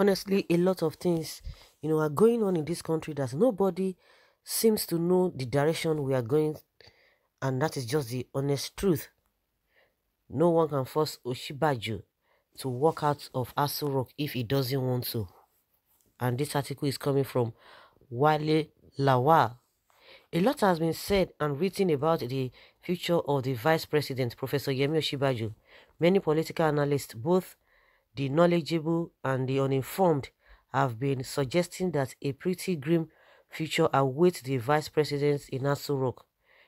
honestly a lot of things you know are going on in this country that nobody seems to know the direction we are going and that is just the honest truth no one can force Oshibaju to walk out of Aso Rock if he doesn't want to. And this article is coming from Wale Lawa. A lot has been said and written about the future of the Vice President, Professor Yemi Oshibaju. Many political analysts, both the knowledgeable and the uninformed have been suggesting that a pretty grim future awaits the vice president in Aso Rock.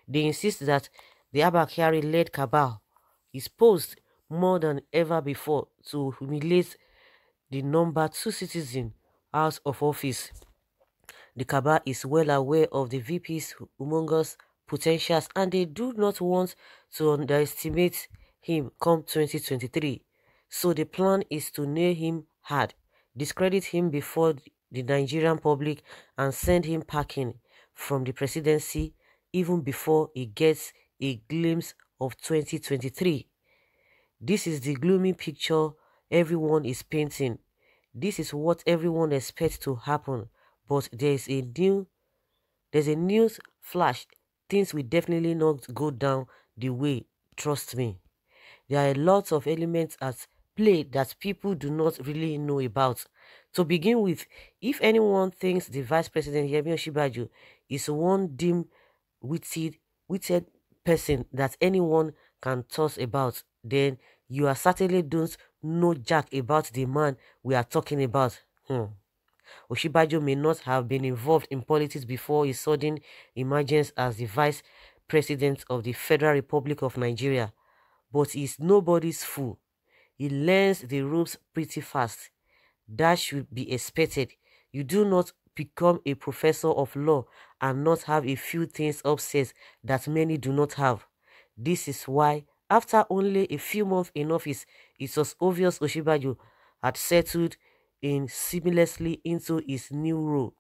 They insist that the Abakari-led cabal is posed more than ever before to humiliate the number two citizen out of office. The cabal is well aware of the VP's humongous potentials and they do not want to underestimate him come 2023. So the plan is to nail him hard, discredit him before the Nigerian public and send him packing from the presidency even before he gets a glimpse of 2023. This is the gloomy picture everyone is painting. This is what everyone expects to happen, but there is a new there's a news flash. Things will definitely not go down the way, trust me. There are lots of elements at play that people do not really know about. To begin with, if anyone thinks the Vice President Yemi Osinbajo is one dim-witted, witted person that anyone can toss about, then you are certainly don't know jack about the man we are talking about. Hmm. Oshibajo may not have been involved in politics before his sudden emergence as the vice president of the Federal Republic of Nigeria, but he is nobody's fool. He learns the ropes pretty fast. That should be expected. You do not become a professor of law and not have a few things upstairs that many do not have. This is why, after only a few months in office, it was obvious Oshibajo had settled in seamlessly into his new role.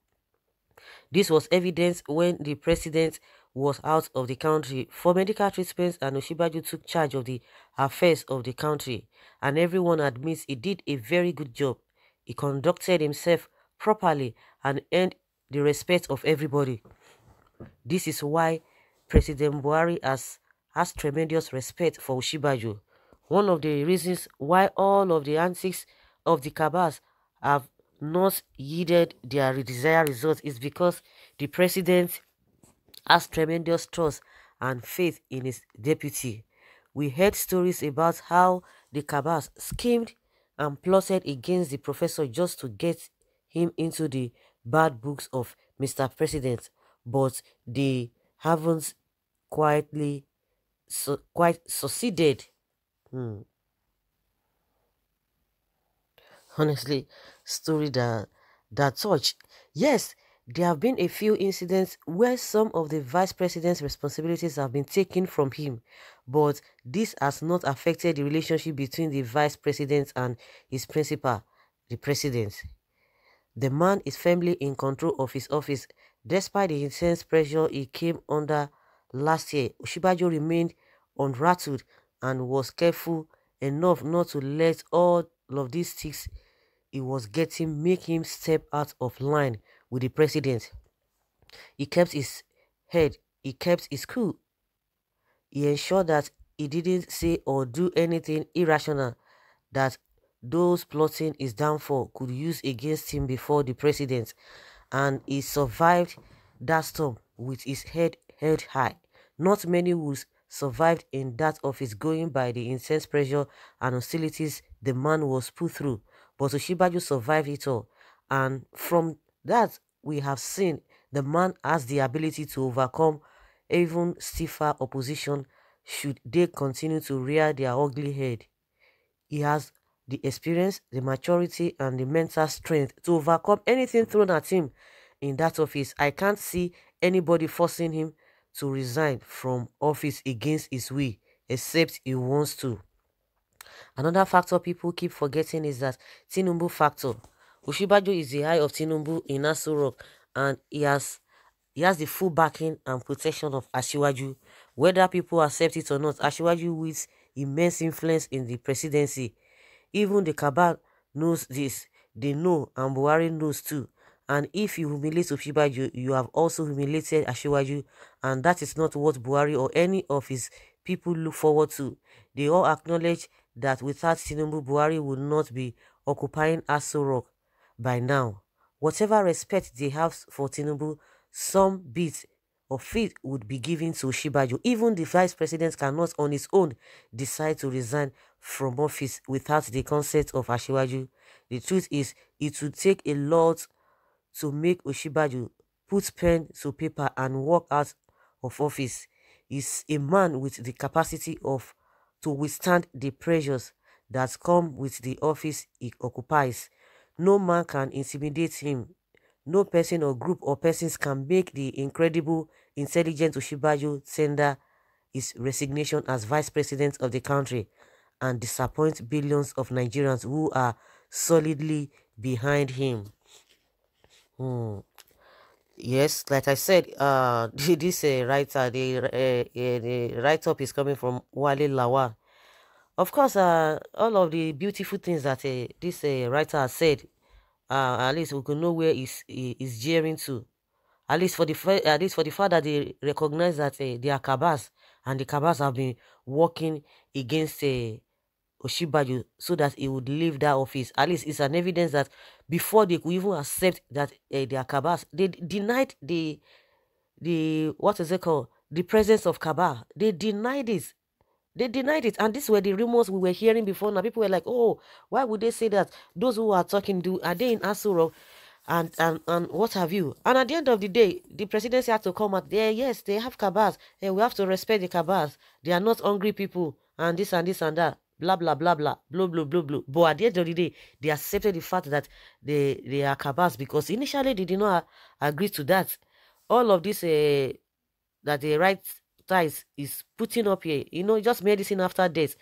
This was evident when the president was out of the country for medical treatment and Oshibaju took charge of the affairs of the country and everyone admits he did a very good job. He conducted himself properly and earned the respect of everybody. This is why President Buhari has, has tremendous respect for Oshibaju. One of the reasons why all of the antics of the Kabas have not yielded their desired results is because the president has tremendous trust and faith in his deputy. We heard stories about how the cabas schemed and plotted against the professor just to get him into the bad books of Mr. President, but they haven't quietly su quite succeeded. Hmm. Honestly, story that that touch. Yes, there have been a few incidents where some of the vice president's responsibilities have been taken from him, but this has not affected the relationship between the vice president and his principal, the president. The man is firmly in control of his office despite the intense pressure he came under last year. Ushibajo remained unrattled and was careful enough not to let all of these sticks he was getting make him step out of line with the president. He kept his head, he kept his cool. He ensured that he didn't say or do anything irrational that those plotting his downfall could use against him before the president, and he survived that storm with his head held high. Not many would survive in that office going by the intense pressure and hostilities the man was put through, but Oshibajo survived it all, and from that we have seen, the man has the ability to overcome even stiffer opposition should they continue to rear their ugly head. He has the experience, the maturity, and the mental strength to overcome anything thrown at him in that office. I can't see anybody forcing him to resign from office against his will, except he wants to. Another factor people keep forgetting is that Tinubu factor Oshibajo is the eye of Tinubu in Aso Rock and he has, he has the full backing and protection of Ashiwaju, Whether people accept it or not, Ashiwaju wields immense influence in the presidency. Even the cabal knows this. They know and Buhari knows too. And if you humiliate Ushibaju, you have also humiliated Ashiwaju, and that is not what Buhari or any of his people look forward to. They all acknowledge that without Tinubu, Buhari would not be occupying Aso Rock by now. Whatever respect they have for Tinubu, some bit of it would be given to Shibaju. Even the vice president cannot on his own decide to resign from office without the consent of Ashiwaju. The truth is, it would take a lot to make Oshibaju put pen to paper and walk out of office. Is a man with the capacity of to withstand the pressures that come with the office he occupies. No man can intimidate him. No person or group or persons can make the incredible, intelligent Oshibajo tender his resignation as vice president of the country and disappoint billions of Nigerians who are solidly behind him. Hmm. Yes, like I said, uh, this uh, writer, the, uh, uh, the write-up is coming from Wale Lawal of course, uh, all of the beautiful things that uh, this uh, writer has said, uh, at least we can know where he's, he's jeering to. At least for the at least for the fact that they recognize that uh, they are Kabas and the Kabas have been working against uh, Oshibaju so that he would leave that office. At least it's an evidence that before they could even accept that uh, they are Kabas, they denied the the what is it called the presence of Kaba. They denied this. They denied it. And these were the rumors we were hearing before. Now people were like, oh, why would they say that? Those who are talking, do are they in Asuro? And, and and what have you? And at the end of the day, the presidency had to come out there. Yeah, yes, they have cabals. Hey, eh, we have to respect the cabals. They are not hungry people. And this and this and that. Blah, blah, blah, blah. Blah, blah, blah, blah. But at the end of the day, they accepted the fact that they, they are cabals because initially they did not agree to that. All of this uh, that they write is, is putting up here. You know, just medicine after death.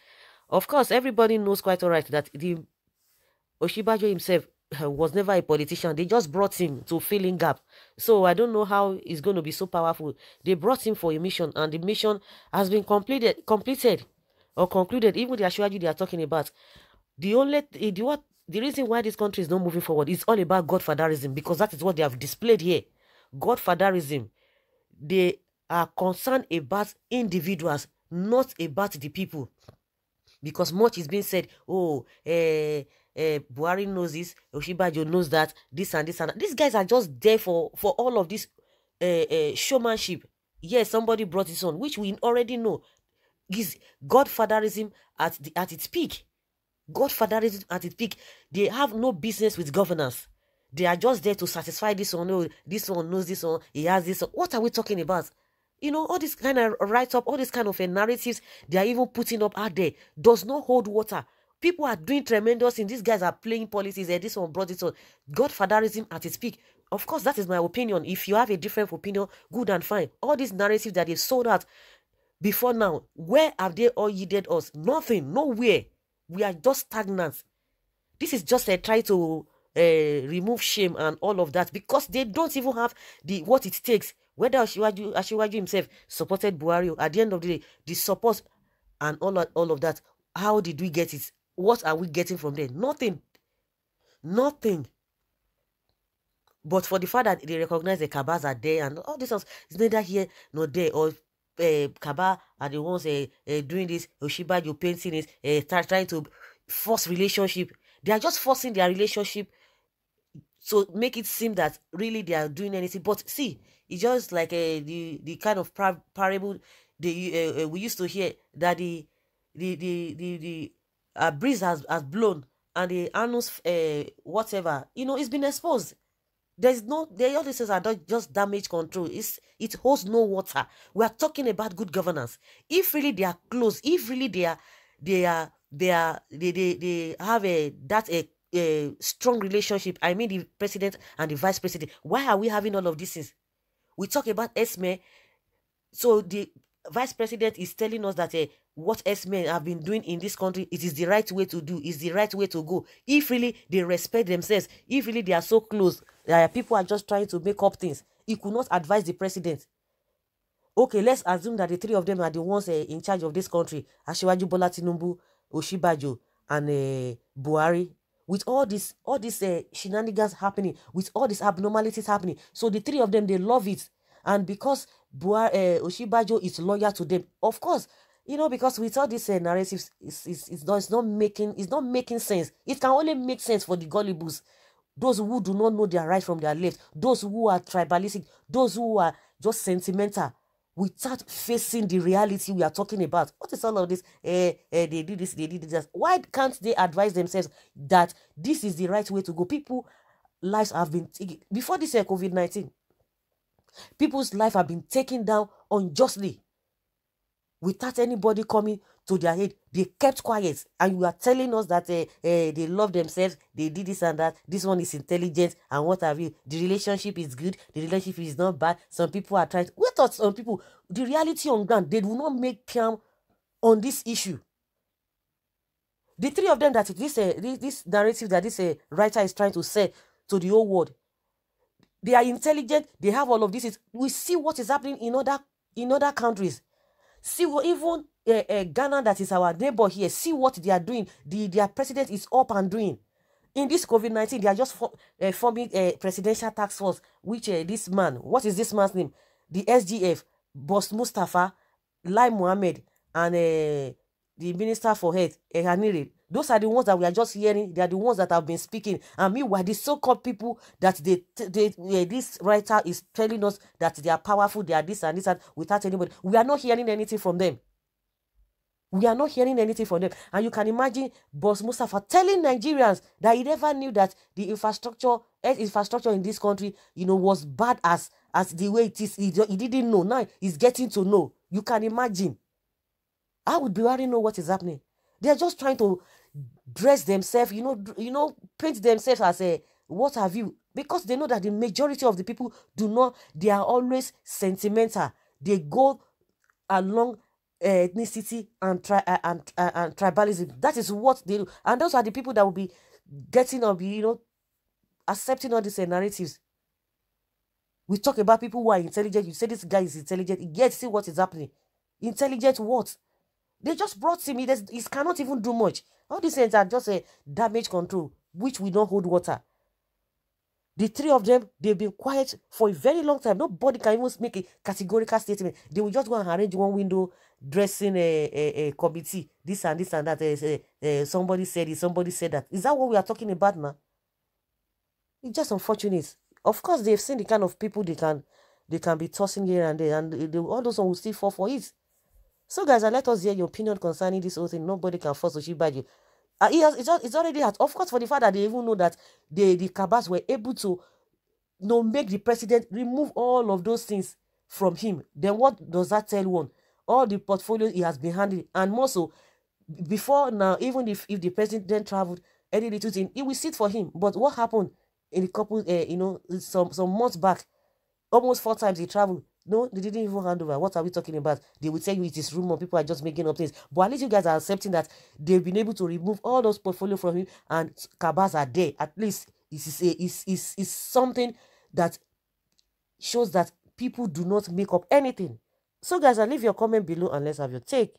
Of course, everybody knows quite all right that the Oshibajo himself was never a politician. They just brought him to fill in gap. So I don't know how he's going to be so powerful. They brought him for a mission, and the mission has been completed, completed, or concluded. Even the Ashwaji they are talking about, the only the what the reason why this country is not moving forward is all about godfatherism because that is what they have displayed here. Godfatherism. They are concerned about individuals, not about the people. Because much is being said, oh, eh, eh, Buhari knows this, Oshibajo knows that, this and this and that. These guys are just there for, for all of this eh, eh, showmanship. Yes, somebody brought this on, which we already know is godfatherism at, the, at its peak. Godfatherism at its peak. They have no business with governance they are just there to satisfy this one. Oh, this one knows this one. He has this. One. What are we talking about? you know all this kind of write up all this kind of narratives they are even putting up out there does not hold water people are doing tremendous things. these guys are playing policies and eh, this one brought it on godfatherism at its peak of course that is my opinion if you have a different opinion good and fine all these narratives that they sold out before now where have they all yielded us nothing nowhere we are just stagnant this is just a try to uh, remove shame and all of that because they don't even have the what it takes whether Ashiwaju, Ashiwaju himself supported Buhari, at the end of the day, the support and all, of, all of that, how did we get it? What are we getting from there? Nothing. Nothing. But for the fact that they recognize the Kabas are there and all this else, it's neither here nor there. Or uh, Kaba are the ones uh, uh, doing this, Oshibajo painting is uh, start trying to force relationship. They are just forcing their relationship so make it seem that really they are doing anything. But see, it's just like a, eh, the the kind of par parable the uh, eh, eh, we used to hear that the the the the, the uh, breeze has, has blown and the anus uh, whatever you know it's been exposed there's no the all these are not just damage control it's it holds no water we are talking about good governance if really they are close if really they are they are they are they they, they have a that a a strong relationship i mean the president and the vice president why are we having all of these things we talk about Esme. So the vice president is telling us that uh, what Esme have been doing in this country, it is the right way to do, is the right way to go. If really they respect themselves, if really they are so close, uh, people are just trying to make up things. He could not advise the president. Okay, let's assume that the three of them are the ones uh, in charge of this country. Ashiwaju Bola Tinubu, Oshibajo, and uh, Buhari, with all this all this uh, shenanigans happening with all these abnormalities happening so the three of them they love it and because Bua, uh, Oshibajo is loyal to them of course you know because with all these uh, narratives it's, it's, it's, not, it's not making it's not making sense it can only make sense for the gullibles those who do not know their right from their left those who are tribalistic those who are just sentimental without facing the reality we are talking about. What is all of this? Eh, eh, they did this, they did this. Why can't they advise themselves that this is the right way to go? People, lives have been taken before this COVID 19. People's life have been taken down unjustly without anybody coming to their aid. They kept quiet. And you are telling us that uh, uh, they love themselves, they did this and that, this one is intelligent, and what have you. The relationship is good, the relationship is not bad. Some people are trying We thought some people. The reality on ground, they do not make PIAM on this issue. The three of them that this, uh, this, this narrative that this uh, writer is trying to say to the whole world, they are intelligent, they have all of this. We see what is happening in other in other countries See even uh, uh, Ghana, that is our neighbor here, see what they are doing. The, their president is up and doing. In this COVID 19, they are just for, uh, eh, forming a presidential task force, which this man, what is this man's name? The SGF, Boss Mustafa, Lai Mohammed, and the Minister for Health, Ehaniri, those are the ones that we are just hearing. They are the ones that have been speaking. And meanwhile, the so-called people that they, they yeah, this writer is telling us that they are powerful, they are this and this and without anybody. We are not hearing anything from them. We are not hearing anything from them. And you can imagine Boss Mustafa telling Nigerians that he never knew that the infrastructure, infrastructure in this country, you know, was bad as as the way it is. He, he didn't know. Now he's getting to know. You can imagine. I would be already know what is happening. They're just trying to dress themselves, you know, you know, paint themselves as a what have you, because they know that the majority of the people do not, they are always sentimental. They go along ethnicity and tri- uh, and uh, and tribalism. That is what they do, and those are the people that will be getting up, you know, accepting all these narratives. We talk about people who are intelligent. You say this guy is intelligent. Yet see what is happening. Intelligent what? They just brought him. He, he cannot even do much. All these things are just a uh, damage control, which we don't hold water. The three of them, they've been quiet for a very long time. Nobody can even make a categorical statement. They will just go and arrange one window dressing a, a, a committee. This and this and that. Uh, uh, somebody said it, somebody said that. Is that what we are talking about now? It's just unfortunate. Of course, they've seen the kind of people they can they can be tossing here and there, and they, all those ones will still fall for it. So, guys, let us hear your opinion concerning this whole thing. Nobody can force Oshibaji. Uh, he has, it's, it's already has, of course, for the fact that they even know that they, the Kabas were able to you know, make the president remove all of those things from him. Then what does that tell one? All the portfolios he has been handling, and more so, before now, even if, if the president traveled any little thing, it will sit for him. But what happened in a couple, uh, you know, some, some months back, almost four times he traveled no, they didn't even hand over. What are we talking about? They will tell you it is rumor. People are just making up things. But at least you guys are accepting that they've been able to remove all those portfolio from him and cabas are there. At least it is a is is something that shows that people do not make up anything. So guys, I leave your comment below and let's have your take.